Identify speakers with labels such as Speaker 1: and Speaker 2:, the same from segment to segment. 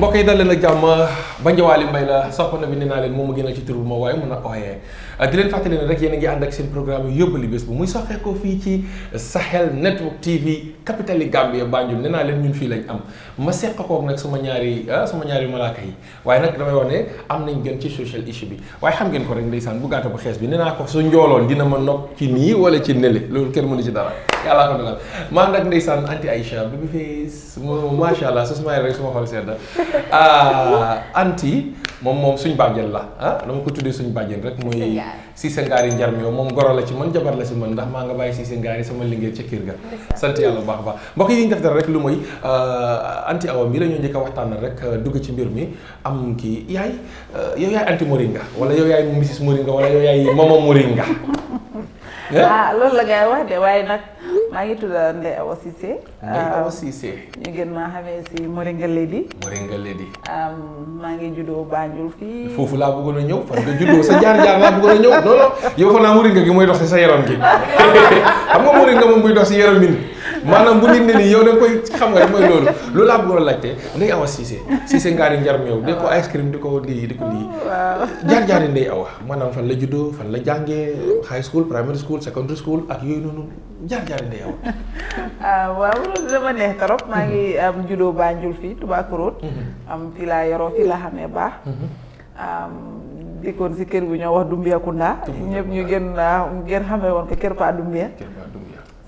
Speaker 1: mbokk yi dal leen jàmm ba njawaali mbay la soppana bi nee naa leen moom ma gënal ci tur bu ma waaye mun a ooyee di leen fàttali ne rek yéen ngi ànd ak seen programme yu yóbbali bés bu muy soxee ko fii ci Sahel Network TV capitale yi Gambie Banjul ne naa leen ñun fii lañ am ma seq koog nag ma ñaari ah, sama ñaari malaaka yi waaye nag damay wax ne am nañ gën ci social issue bi waaye xam ngeen ko rek ndeysaan bu gaata bu xees bi ne naa ko su njooloon dina nii wala ci loolu kenn mënu ci dara yàlla ko dogal maa ngi nag ndeysaan anti Aïcha bi bi fees macha allah su ma rek suma xol sedd ah, anti moom moom suñ bàjjen la ah dama ko tuddee suñ bàjjen rek muy Cissé Ngaari Njarm yow moom goro la ci man jabar la si man ndax maa nga bàyyi Cissé Ngaari sama liggéey ca kër ga sant yàlla bu baax a baax mbokk yi ñu def dara rek lu mooy ah, anti awa mi la ñoo njëkk a waxtaanal rek ah, dugg ci mbir mi am kii yaay yow yaay anti moringa wala yow yaay Mrs moringa yow yaay mama moringa ah
Speaker 2: loolu la ngay wax de waaye nag maa ngi tudd Ndeye Awa Cissé. Ndeye Awa ñu gën si Moringa Lady.
Speaker 1: Moringa Lady.
Speaker 2: maa ngi judo Banjul fi foofu
Speaker 1: la bëggoon a ñëw parce que juddoo sa jaar jaar la bëggoon a ñëw non non yow fa naa Moringa gi mooy dox si sa yaram gi xam nga Moringa moom buy dox si yaram nit maanaam bu nit ni nii yow da nga koy xam nga mooy loolu loolu laa bëggoon a laajte Ndeye Awa Cissé Cissé ngaari njar meew di ko ice cream di ko lii di ko
Speaker 2: lii jaar
Speaker 1: jaari Ndeye Awa maanaam fan la judo fan la jàngee high school primary school secondary school ak yooyu noonu jaar-jaar yi yow.
Speaker 2: ah waaw dama neex trop maa ngi mhm. am juddoo Banjul fii Tubaakuroot. Mhm. am fii yoroo fii laa xamee baax. Mhm. dikkoon si kër bu ñoo wax Dumbia Kunda. ñëpp ñu gën ngeen xamee woon ko kër Paa Dumbia.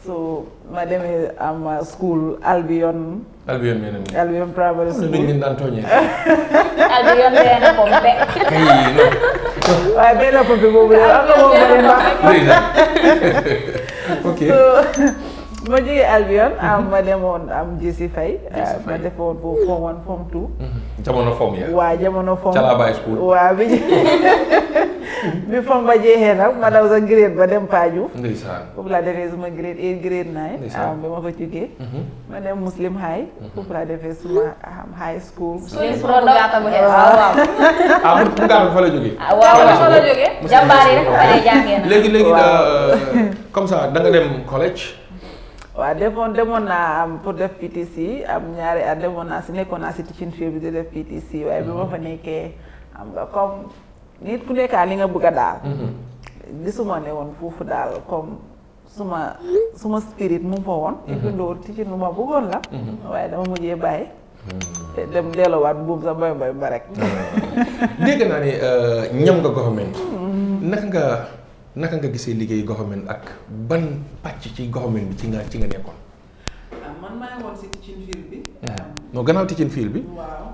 Speaker 2: so ma demee am uh, school Albion. Albion mel na Albion primary school duñ leen daan tooñee. Albion benn pompe. waaye
Speaker 1: benn pompe boobu de am na moom bëri na. ok
Speaker 2: bu ma jógee Albion. am mhm. ma demoon am Jessy Faye. Ah, ma defoon foofu form one form two. Mhm. jamono form ya. waaw jamono form. Calaabay school. waaw bi. bi fom ba jeexee nag ma daw sa grade ba dem Paaju. ndeysaan foofu laa defee suma grade eight grade nine. ndeysaan ah, bi ma fa jógee. Mhm. ma dem Muslim High. Mhm. foofu laa defee suma high school. suñu suñu gàtt bu
Speaker 1: dem collège.
Speaker 2: waaw defoon demoon naa am um, pour def PTC am ñaari at demoon naa si nekkoon naa si teaching field bi di def PTC waaye bi ma fa nekkee am nga comme. nit ku nekkaa li nga bëgg a daal
Speaker 3: mm-hmm.
Speaker 2: gisuma ne woon foofu daal comme suma suma spirit mu fa woon et puis loolu ci lu ma bëggoon la mm-hmm. waaye dama mujjee bàyyi
Speaker 3: mm-hmm.
Speaker 2: dem delluwaat buum sa mbay mbay ba rek
Speaker 1: dégg naa ne euh, ñam nga government naka nga naka nga gisee liggéey government ak ban pàcc ci government bi ci nga ci nga nekkoon
Speaker 2: ah, man maa ngi si kitchen field bi
Speaker 1: non gannaaw teaching field bi.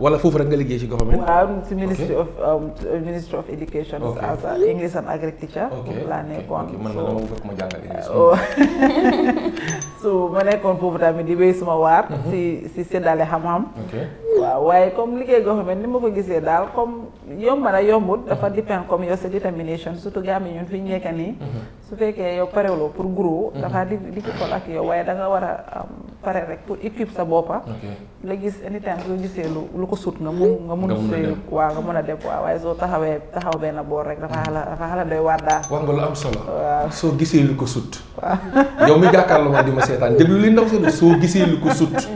Speaker 1: wala foofu rek liggéey ci government. waaw
Speaker 2: si um, ministry of um, uh, ministry of education. as a English and agri teacher. ma so ma nekkoon foofu tamit di wéy suma waar. Mhm. si si séddale xam-xam. waaw waaye comme liggéey government ni ma ko gisee daal comme yomb na yombut dafa mhm. dépend comme yow sa détermination surtout gars ñun fi ñu nekk nii. Mhm. su fekkee yow parewuloo pour gros. dafa di di ko ak yow waaye da nga war a um, pare rek pour équipe sa boppa la gis anytime soo gisee lu lu ko sut nga mun nga mun sëy waaw nga mun a def waaw waaye soo taxawee taxaw benn boor rek dafa xala dafa xala doy waar daal
Speaker 3: nga lu am solo
Speaker 1: waaw soo gisee lu ko sut waaw yow mi jàkkaarloo ma di ma seetaan déglu li ndaw solo soo gisee lu ko sut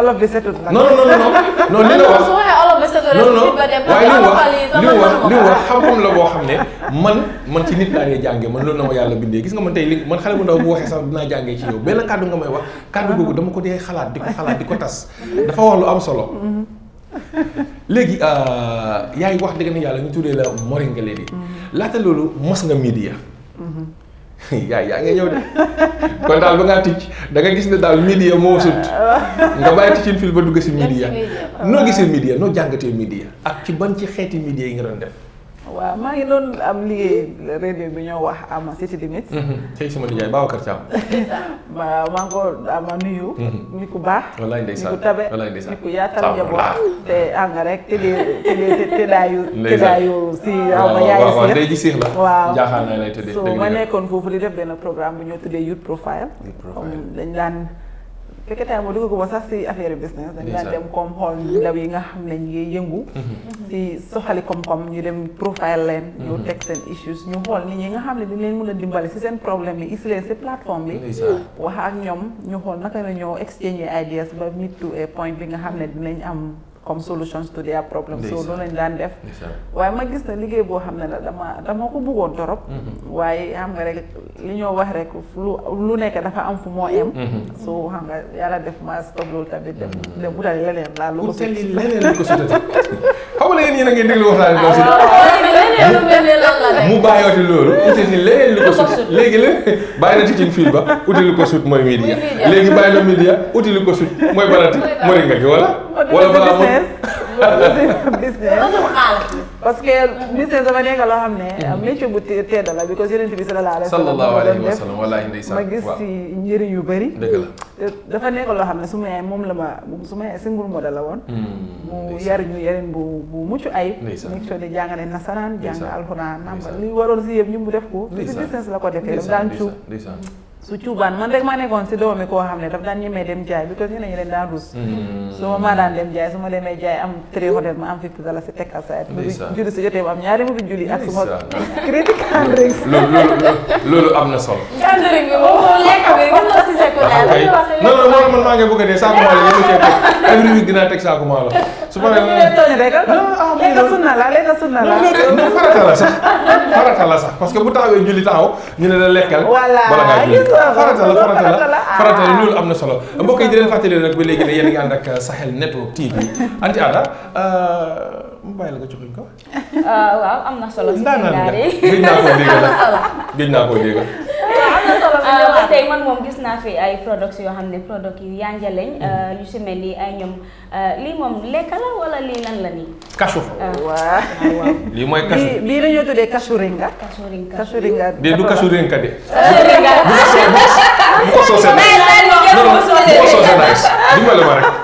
Speaker 1: olof bi setul nag. non non non non li nga wax su waxee
Speaker 2: olof bi setul
Speaker 3: rek. non waaye li mu wax li mu wax li mu wax
Speaker 1: xam-xam la boo xam ne man man ci nit laa ngay jàngee man loolu na ma yàlla bindee gis nga man tey li man xale bu ndaw bu waxee sax dinaa jàngee ci yow benn kàddu nga may wax kàddu googu dama ko dee xalaat di ko xalaat di ko tas dafa wax lu am solo. léegi euh, yaay wax dëgg na yàlla ñu tuddee la moringale di laata loolu mos nga media yaay yaa ngi ñëw de kon daal ba ngaa ticc da nga gis ne daal media moo sut nga bàyyi ticin fil ba dugg si media noo gisee media noo jàngatee media ak ci ban ci xeeti media yi nga doon def
Speaker 2: waaw maa ngi doon am liggéey rajo bi ñoo wax ama city limits ma
Speaker 1: mhm. sama nijaay Babacar Thiam
Speaker 2: waaw maa ngi ko ama nuyu mhm. nit ku baax wallaay ndeysaan nit ku tabe nit ku yaatal njaboot te anga rek te dee te dee te daayu te daayu si aw ma yaay siix la waaw jaaxaan naa lay tëddee so ma nekkoon foofu di def benn programme bu ñoo tuddee youth profile dañ daan fekkee taay ma dugg ko sax si affaire business dañ daan dem comme xool ndaw yi nga xam ne ñu ngi yëngu mhm. si soxali koom-koom ñu dem profile leen ñu mhm. teg seen issues ñu xool nit ñi nga xam ne dañ leen mën a dimbale si seen problème yi is leen si plateforme bi wax ak ñoom ñu xool naka la ñoo exchange ideas ba meet to a point bi nga xam ne dinañ am comme solution to their problem so noonu lañ daan def waaye ma gis na liggéey boo xam ne la dama dama ko bëggoon torop mm-hmm. waaye xam nga rek li ñoo wax rek lu lu nekk dafa am fu moo em mm-hmm. so xam nga yàlla def ma stop loolu tamit dem mm-hmm. dem utali leneen laa lu ko sutati
Speaker 1: xam nga yéen yéen a ngi ah, mu bàyyooti loolu utali leneen lu ko sut la ba utali ko sut mooy media léegi bàyyi na media utali ko sut mooy barati moringa gi wala wala balaa
Speaker 2: business business parce que business dafa nekk loo xam ne mm-hmm. métier bu tedd la because yonent bi sallallahu alayhi wa sallam wallaahi ndeysaan ma gis si njëriñ yu bëri dëgg la dafa nekk loo xam ne su ma yaay moom la ma su ma yaay single model la woon mm-hmm. mu yar ñu yarin bu bu mucc ayib nekk soo ne jàng ne nasaraan jàng alxuraan namba li waroon si yëpp ñu mu def ko si business la ko defee daan cuub su cuubaan man rek maa nekkoon si doomi koo xam ne daf daan ñemee dem jaay bi ko si nañu leen daan rus
Speaker 3: mm. su
Speaker 2: ma maa daan dem jaay su ma demee jaay am tri hotel ma am fifty dollars si tekka saet julli si jotee am ñaari mu bi julli suma
Speaker 1: critique and drinks loolu am na solo
Speaker 3: and drink bi moom lekk bi ah, wax na si sekk
Speaker 1: non man maa ngi bëgg a dee saaku maalo yëpp cee teg every week dinaa teg saaku
Speaker 3: su ma leen ah tooñ
Speaker 1: rek ah
Speaker 2: léegi sunna la léegi sunna la non
Speaker 1: farata la sax farata la sax parce que bu taawee julli taxaw ñu ne la lekkal. bala ngaa julli farata la farata la farata la loolu am na solo mbokk yi di leen fàttali rek ba léegi ne yéen a ngi ànd ak Sahel Network TV anti ada mu bàyyi la nga joxuñ ko.
Speaker 3: waaw am na solo. ndaanaan nga gëj naa koo dégg la gëj naa koo dégg tey man moom gis naa fi ay products yoo xam ne product yu yanja lañ yu si mel ni ay ñoom lii moom lekk la wala lii lan la nii. cashew. waaw
Speaker 1: lii mooy cashew. bii
Speaker 3: bii la ñuy ringa. cashew ringa cashew
Speaker 2: ringa.
Speaker 1: de du cashew ringa de.
Speaker 3: cashew ringa. bu ko soosee bu ko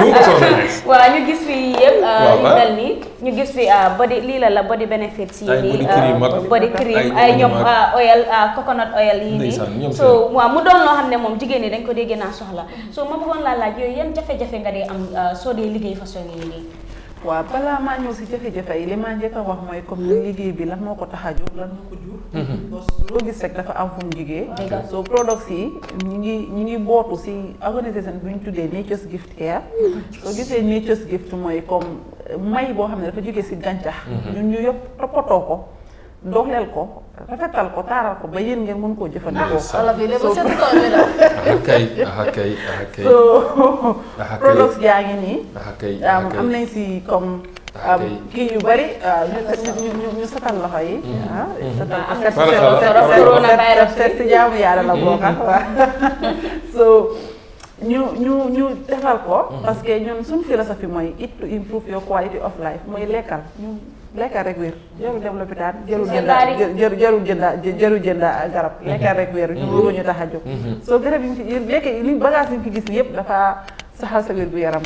Speaker 3: lu ko soxla gis. waaw ñu gis fi yëpp. Euh, yu mel nii ñu gis fi euh, body lii la la body benefits yi nii. body euh, cream ay ñoom oil coconut oil yi nii. so waaw mu doon loo xam ne moom jigéen ñi dañ ko dee gën a soxla so ma bëggoon laa laaj yooyu yan jafe-jafe nga dee am soo dee liggéey façon yi nii. waaw balaa maa
Speaker 2: ñëw si jafe-jafe yi li maa njëkk a wax mooy comme liggéey bi lan moo ko tax a jóg lan ko jur. Mhm. loo gis rek dafa am fu mu soo so products yi ñu ngi ñu ngi bootu si organisation bu ñu tuddee Nature's Gift Care. Mhm. soo gisee Nature's Gift mooy comme may boo xam ne dafa jugee si gàncax. Mhm. ñun ñu yëpp toppatoo ko. dooleel ko rafetal ko taaral ko ba yéen ngeen mën koo jëfandikoo. Ah,
Speaker 1: so products yaa ngi nii. Ah, am nañ
Speaker 2: si comme. Ah, kii yu bari ñu ñu ñu satal loxo yi. Mhm. Mhm. satal ko set set set jaamu yàlla la bokk mhm. waaw so ñu ñu ñu defal ko. parce que ñun suñu philosophie mooy it to improve your quality of life mooy lekkal. lekkal rek wér jarul dem lopitaan jarul jëndaa jarul jëndaa jarul jëndaa garab lekkal rek wér ñu loolu ñu tax a jóg mhm. soo garab yi fi lekk li bagage yi fi gis yépp dafa saxal sa wér gu yaram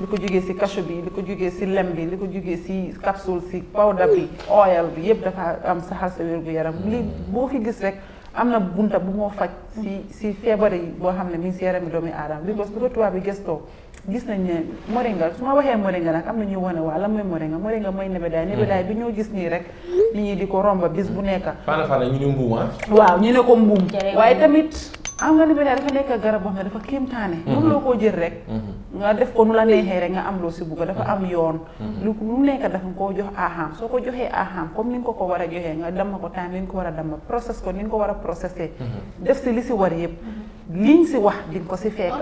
Speaker 2: li ko jógee si cachet bi li ko jógee si lem bi li ko jógee si capsule si powder bi bi yépp dafa am saxal sa wér gu yaram mhm. li boo fi gis rek am na bunta bu moo faj si si feebar yi boo xam ne mi ngi si yaram doomu aadama because bu ko tubaab bi gëstoo gis nañ ne moringa su ma waxee moringa nag am na ñuy wane waa lan mooy moringa moringa mooy nebedaay hmm. nebedaay bi ñoo gis nii rek nit ñi di ko romba bis bu nekk. faana
Speaker 1: faana ñu ne mbuum ah?
Speaker 2: waaw ñu ne ko mbuum. waaye tamit am nga nebedaay dafa nekk garab boo xam ne dafa kéemtaane. mënuloo hmm. koo jël rek. Hmm. nga def ko nu la neexee rek nga am loo si bugg dafa am yoon. lu mu nekk dafa nga koo jox aaxaam soo ko joxee aaxaam comme ni nga ko ko war a joxee nga damma ko temps ni nga ko war a damma process ko war a processé. def si li si war yëpp. liñ si wax di ko si fekk.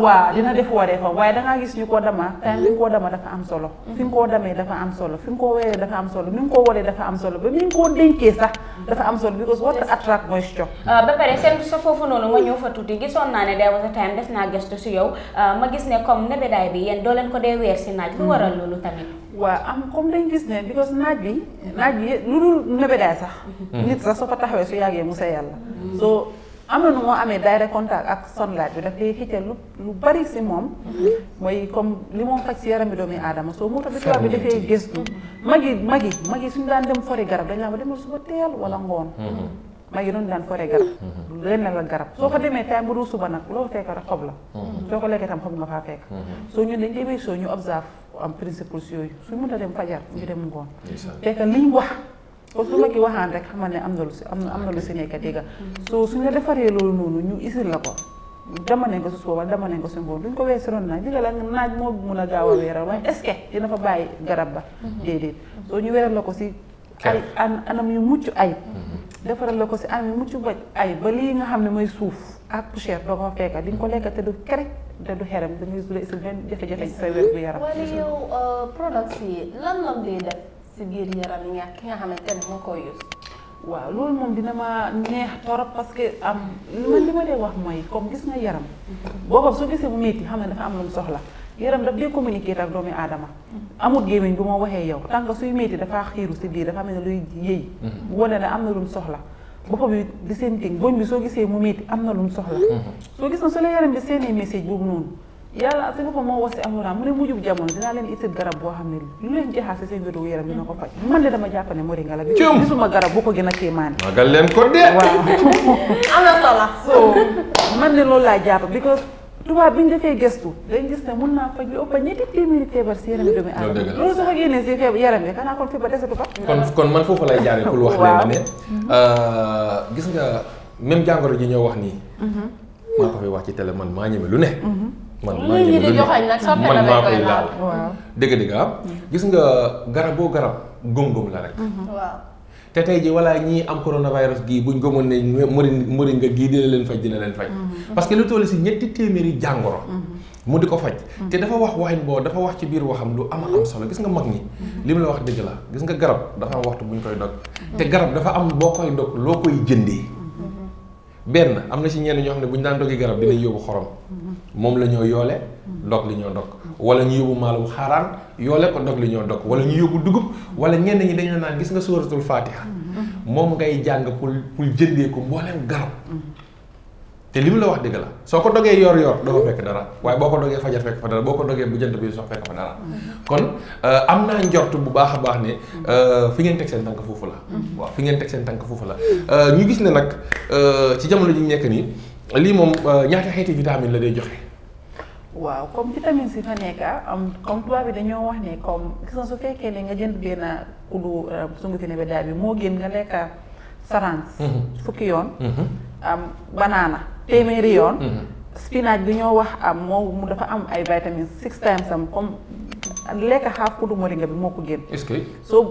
Speaker 2: waaw dina def wareefam waaye dangaa gis ñu ko dama time bi nga dama mm-hmm. dafa am solo fi nga koo demee dafa am solo fi nga koo weeree dafa am solo ni nga koo waree dafa am solo ba ni nga koo dénkee sax dafa am solo because what attract moisture
Speaker 3: ah, ba pare seen sa foofu noonu ma ñëw fa tuuti gisoon naa ne day was a time def naa gëstu si yow ah, ma gis ne comme nebedaay bi yéen doo leen ko dee weer si naaj lu waral loolu tamit waaw am
Speaker 2: comme dañ gis ne because naaj
Speaker 3: bi naaj bi lu dul nebedaay sax
Speaker 2: mm-hmm. nit sax soo fa taxawee su yàggee mu sa yàlla am na nu moo amee direct contact ak sunlight bi daf day xëccal lu bari si moom mooy comme li moom faj si yaram bi doomi aadama soo moo tax bi tubaab bi dafay gëstu magi magi magi suñu daan dem fori garab dañ laa ma demal suba teel wala ngoon mm-hmm. magi noonu daan fore garab mm-hmm. leen na la garab soo fa demee time bu dul suba nag loo fekk rek xob la mm-hmm. soo ko lekkee tam xob nga faa fekk soo ñun dañ demee soo ñu observe am principles yooyu suñ mën a dem fajar ñu dem ngoon fekk liñ wax kon su ma ki waxaan rek xamal ne am na lu si am na lu si nekk dégg soo su suñu defaree loolu noonu ñu isil la ko dama ne ko su suba dama ne ko su ngoon duñ ko weer si ron naaj dégg la naaj moo mun a gaaw a weeral waaye est-ce bàyyi garab ba mhm. déedéet soo ñu weeral la ko si ay anam yu mucc ay
Speaker 3: mhm.
Speaker 2: defaral la ko si anam yu mucc ba ay ba lii nga xam ne mooy suuf ak poussière doo ko fekka di nga ko lekk te du kere te du xeram da ngay du la isil benn jafe-jafe ci sa wér gu yaram wala yow euh, products yi lan la dee def si biir yaram yi nga ki nga xamante ne moo koy use waaw loolu moom dina ma neex torop parce que am li ma li ma dee wax mooy comme gis nga yaram boobam su gisee bu métti xam ne am lu mu soxla yaram daf dee communiquer ak doomu aadama amul gémmiñ bu ma waxee yow tànk suy métti dafaa xiiru si biir dafa am ne luy yëy mhm. wane ne am na lu mu soxla bopp bi di seen ting soo gisee mu métti am na lu mu soxla mhm. soo gis na su la yaram bi seenee message boobu noonu yalla si ko mo wasi alxuraan mo ne mujub jamon dina len itti garab bo xam lu len jeexal si seen wéru yaram dina ko faj man de dama jàpp ne moringa la bi gisuma garab bu ko gën a man
Speaker 1: magal len ko de
Speaker 2: amna sala so man de lol la japp because tubaab bi ñu defee gëstu dañ gis ne mun naa faj lu ëpp ñetti téeméeri feebar si do mi aadama loolu so ko génnee sé feebar yaram bi xanaa kon feebar desatu fa kon kon man fofu lay jaaree pour wax né leen mhm.
Speaker 1: euh gis nga même jangoro ji ñoo wax ni hmm ma ko fi wax ci télé man maa ñeme lu ne mhm. man maa ngi man maa koy laal dëgg dëgg ah mm-hmm. gis nga garab garab gëm-gëm la rek
Speaker 3: mm-hmm.
Speaker 1: te tey ji walla ñii am coronavirus gii buñ gëmoon ne moringa gii dina leen faj dina leen faj mm-hmm. parce que lu toll si ñetti téeméeri jàngoro mu di ko faj te dafa wax waxin boo dafa wax ci biir waxam lu ama am solo gis nga mag ñi li mu la wax dëgg la gis nga garab dafa am waxtu buñ koy dog te garab dafa am boo koy dog loo koy jëndee benn am na si ñenn ñoo xam ne bu ñu daan doggi garab dinañ yóbbu xorom moom la ñoo yoole dog li ñoo dog wala ñu yóbbu maalawu xaaraan yoole ko dog li ñoo dog wala ñu yóbbu dugub wala ñenn ñi dañoo naan gis nga sóoratul faatiha mm-hmm. moom ngay jàng pour pour jëndee ko mbooleem garab té limu la wax dëgg la soo ko dogee yor-yor doo ko fekk dara waaye boo ko dogee fajar fekk fa dara boo ko dogee bu jënd bi sox fekk fa dara kon eh, am naa njort bu baax a baax ne eh, fi ngeen teg seen tànk foofu la. waaw fi ngeen teg seen tànk foofu la ñu eh, gis ne nag ci jamono ji ñu nekk nii lii moom ñaata xeeti vitamine la day joxe.
Speaker 2: waaw comme vitamine si fa nekk ah. am comme tubaab bi dañoo wax ne comme gis nga su fekkee ne nga jënd benn kuddu sungufi nebedaay bi moo gën nga lekk sarans. Mhm. fukki yoon. Mhm. am banaana. téeméeri yoon. Mm-hmm. spinach bi ñoo wax am moo mu dafa am ay vitamines six times am comme lekk xaaf kudu moringa bi moo ko génn. est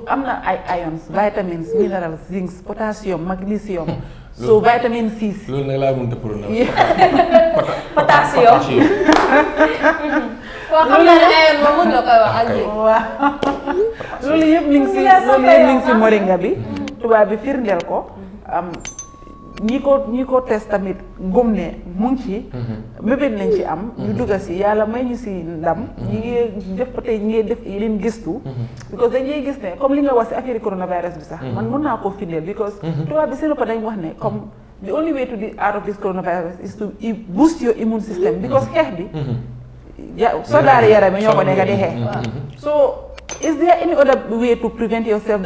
Speaker 2: am na ay ions vitamines minerals zinc potassium magnesium. Hmm. so vitamine six. loolu nag laa xam
Speaker 3: naa ne ayoon moom mën nga koy wax ak ah,
Speaker 2: waaw loolu yëpp mi si loolu yëpp mi si moringa bi. Hmm. tubaab bi firndeel ko. Hmm. ñi ko ñi ko test tamit gëm ne mu ci. Mhm. mébét nañ ci am. ñu mhm. dugg si yàlla may ñu si ndam. Mhm. ñi ngi def ba tey ñi ngi def leen gistu. because dañuy gis ne comme li nga wax si affaire coronavirus bi sax. man mën naa koo firndeel because. tubaab bi seen bopp dañ wax ne comme. the only way to get out of this coronavirus is to boost your immune system. because xeex bi. ja soldaari yaram yi ñoo ko nekk di xeex. so is there any other way to prevent yourself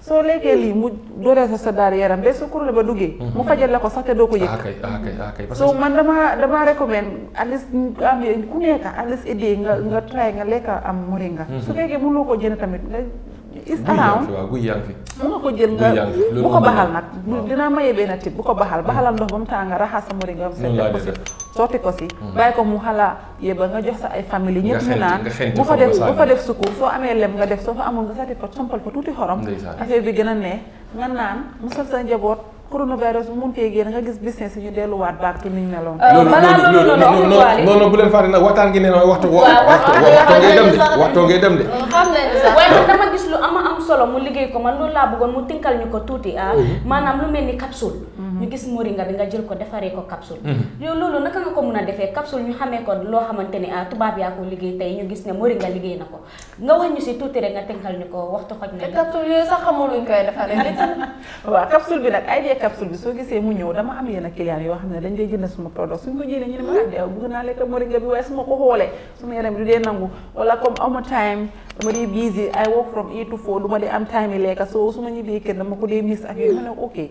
Speaker 2: soo lekkee lii mu dooree sa sa daal yaram ba su kuréel ba duggee. Mhm. mu fajal la ko sax te doo ko yëg. ah
Speaker 1: kay ah, ah
Speaker 2: man damaa damaa recommend at least am ku nekk at least idée nga nga try nga lekk am moringa. Mhm. su fekkee mënuloo ko jënd tamit nga. is around
Speaker 1: guy fi
Speaker 2: mën nga ko jël nga bu ko baxal nag dinaa maye benn tip bu ko baxal baxalal ndox ba mu tàng nga raxas sa moringa. noonu laa sotti ko si bàyyi ko mu xalaa yéba nga jox sa ay famille ñëpp naan bu fa def bu fa def sukkur soo amee lem nga def soo fa amul nga sati ko sompal ko tuuti xorom affaire bi gën a neex nga naan musal sa njaboot coronavirus bu mun cee génn nga gis business yi ñu delluwaat baag ci niñ
Speaker 1: meloon. balaa loolu noonu noonu bu leen fàtte nag waxtaan gi ne waxtu.
Speaker 3: waxtu waxtu ngay dem de waxtu ngay dem de. solo mu liggéey ko man loolu laa bëggoon mu tinkal ñu ko tuuti ah maanaam lu mel ni capsule ñu gis moringa bi nga jël ko defaree ko capsule yow loolu naka nga ko mun a defee capsule ñu xamee ko loo xamante ne ah tubaab yaa ko liggéey tey ñu gis ne moringa liggéey na ko nga wax ñu si tuuti rek nga tinkal ñu ko waxtu xoj na capsule yooyu sax xamul luñ koy defaree
Speaker 2: waaw capsule bi nag ay dee capsule bi soo gisee mu ñëw dama am yenn client yoo xam ne dañ lay jënd suma produit suñ ko jëlee ñu ne ma ah bëgg naa lekk moringa bi waaye su ma ko xoolee suma yaram bi du dee nangu wala comme amu time ma dee busy I work from eight to four du ma dee am time yi lekka soo su ma ñibbee kër dama ko dee miss ak yooyu ma ok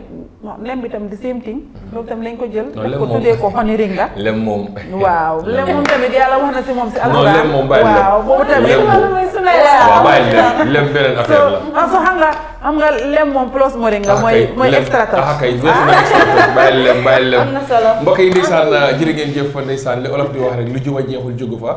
Speaker 2: tamit lem bi tam di same thing loolu tam lañ ko jël daf ko tuddee ko xoni ringa lem moom waaw lem moom tamit yàlla wax na si moom si alxuraan waaw
Speaker 1: boobu tamit lem lem beneen affaire la so
Speaker 2: ah, xam nga xam nga lem moom plus moringa mooy mooy extra taw ah kay bàyyi lem bàyyi lem am na solo
Speaker 1: mbokk yi ndeysaan jërë ngeen jëf fa ndeysaan li olof di wax rek lu juba jeexul jógu fa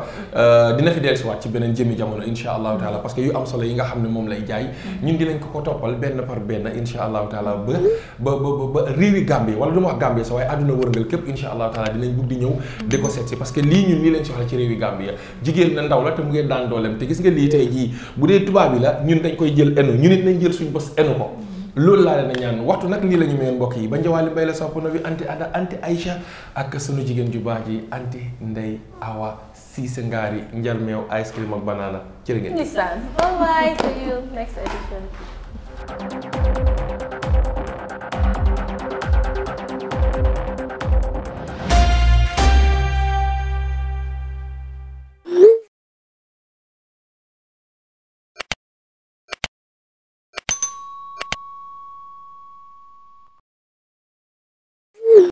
Speaker 1: dina fi dellusiwaat ci beneen jëmi jamono insha allahu taala parce que yu am solo yi nga xam ne moom lay jaay ñun di lañ ko ko toppal benn par benn insha allahu taala ba ba ba ba réewi Gambie wala du ma wax Gambie sa waaye àdduna wërngal képp insha allahu taala dinañ bugg di ñëw di ko seet si parce que lii ñun lii lañ soxla ci réewi Gambie jigéen na ndaw la te mu ngeen daan dooleem te gis nga lii tey jii bu dee tubaab yi la ñun dañ koy jël eno ñun it nañ jël suñu suñu bës enu ko loolu laa leen a ñaan waxtu nag nii la ñu mayoon mbokk yi ba njawaali mbay la sopp na bi anti ada anti Aïcha ak sunu jigéen ju baax ji anti Ndey Awa Siise Ngaari njarmeew ice cream ak banana jërë ngeen.